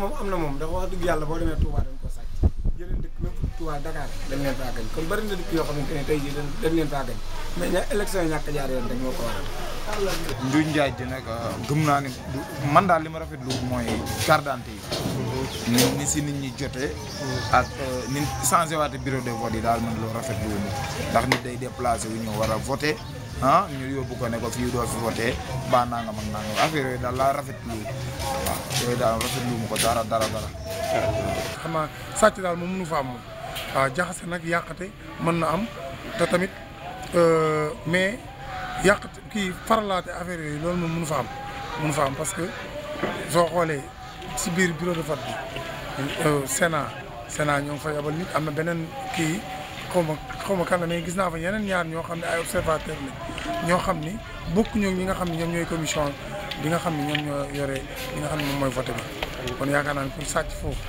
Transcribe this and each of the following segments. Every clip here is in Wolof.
moom am na moom ndax wax dëgg yàlla boo demee Touba dañ ko sàcc yeneen dëkk même Touba Dakar dañ leen faa gañ kon bari na dëkk ne tey jii dañ leen faa gañ mais ña élection yi ñàkk a jaar yoon rek moo ko ah, gëm naa ne man daal li ma rafet lu mooy carte d'identité yi. ni ni si nit ñi jotee. ak euh, ni changé waate bureau de vote yi daal man loo rafetlu ndax nit day déplacé wu ñu war a voté. ah ñu yóbbu ko ne ko fii doo fi voté ba nangam ak nangam affaire yooyu daal laa rafetlu waaw yooyu daal rafetlu mu ko dara dara dara. xam naa sàcc daal moom mënu fa am moom ah, nag yàqate mën na am te tamit euh, mais yàqate kii faralaate affaire yooyu loolu moom mënu fa am mënu fa am parce que soo xoolee si biir bureau de vote bi euh, Sénat Sénat ñoo ngi fa yabal nit am na beneen kii xaw xaw ma kan la mais gis naa fa yeneen ñaar ñoo xam ne ay observateur la ñoo xam ni bokk ñoom ñi nga xam ne ñoom ñooy commission bi nga xam ne ñoom ñoo yore li nga xam ne moom mooy vote bi yaakaar naa ne pour sàcc foofu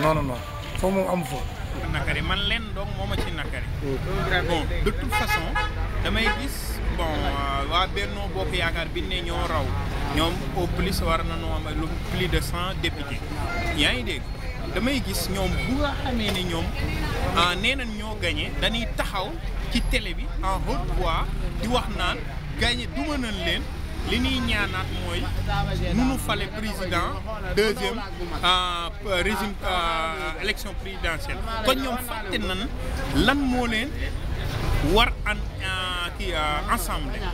noonu noonu foofu amu fa nakari man leen donc moo a ci nakari bon de toute façon damay gis bon euh, waa Benno Bokk Yaakaar bi ne ñoo raw ñoom au plus war na noo am lu plus de sant députés yaa ngi dégg damay gis ñoom bu nga xamee ne ñoom ah, nee ñoo gagné dañuy taxaw ci télé bi en haute voix di wax naan gagné duma nañ leen li ñuy ñaanaat mooy nunu fale président deuxième ah, régime ah, élection présidentielle kon ñoom fàtte nan lan moo leen war an kii ensemble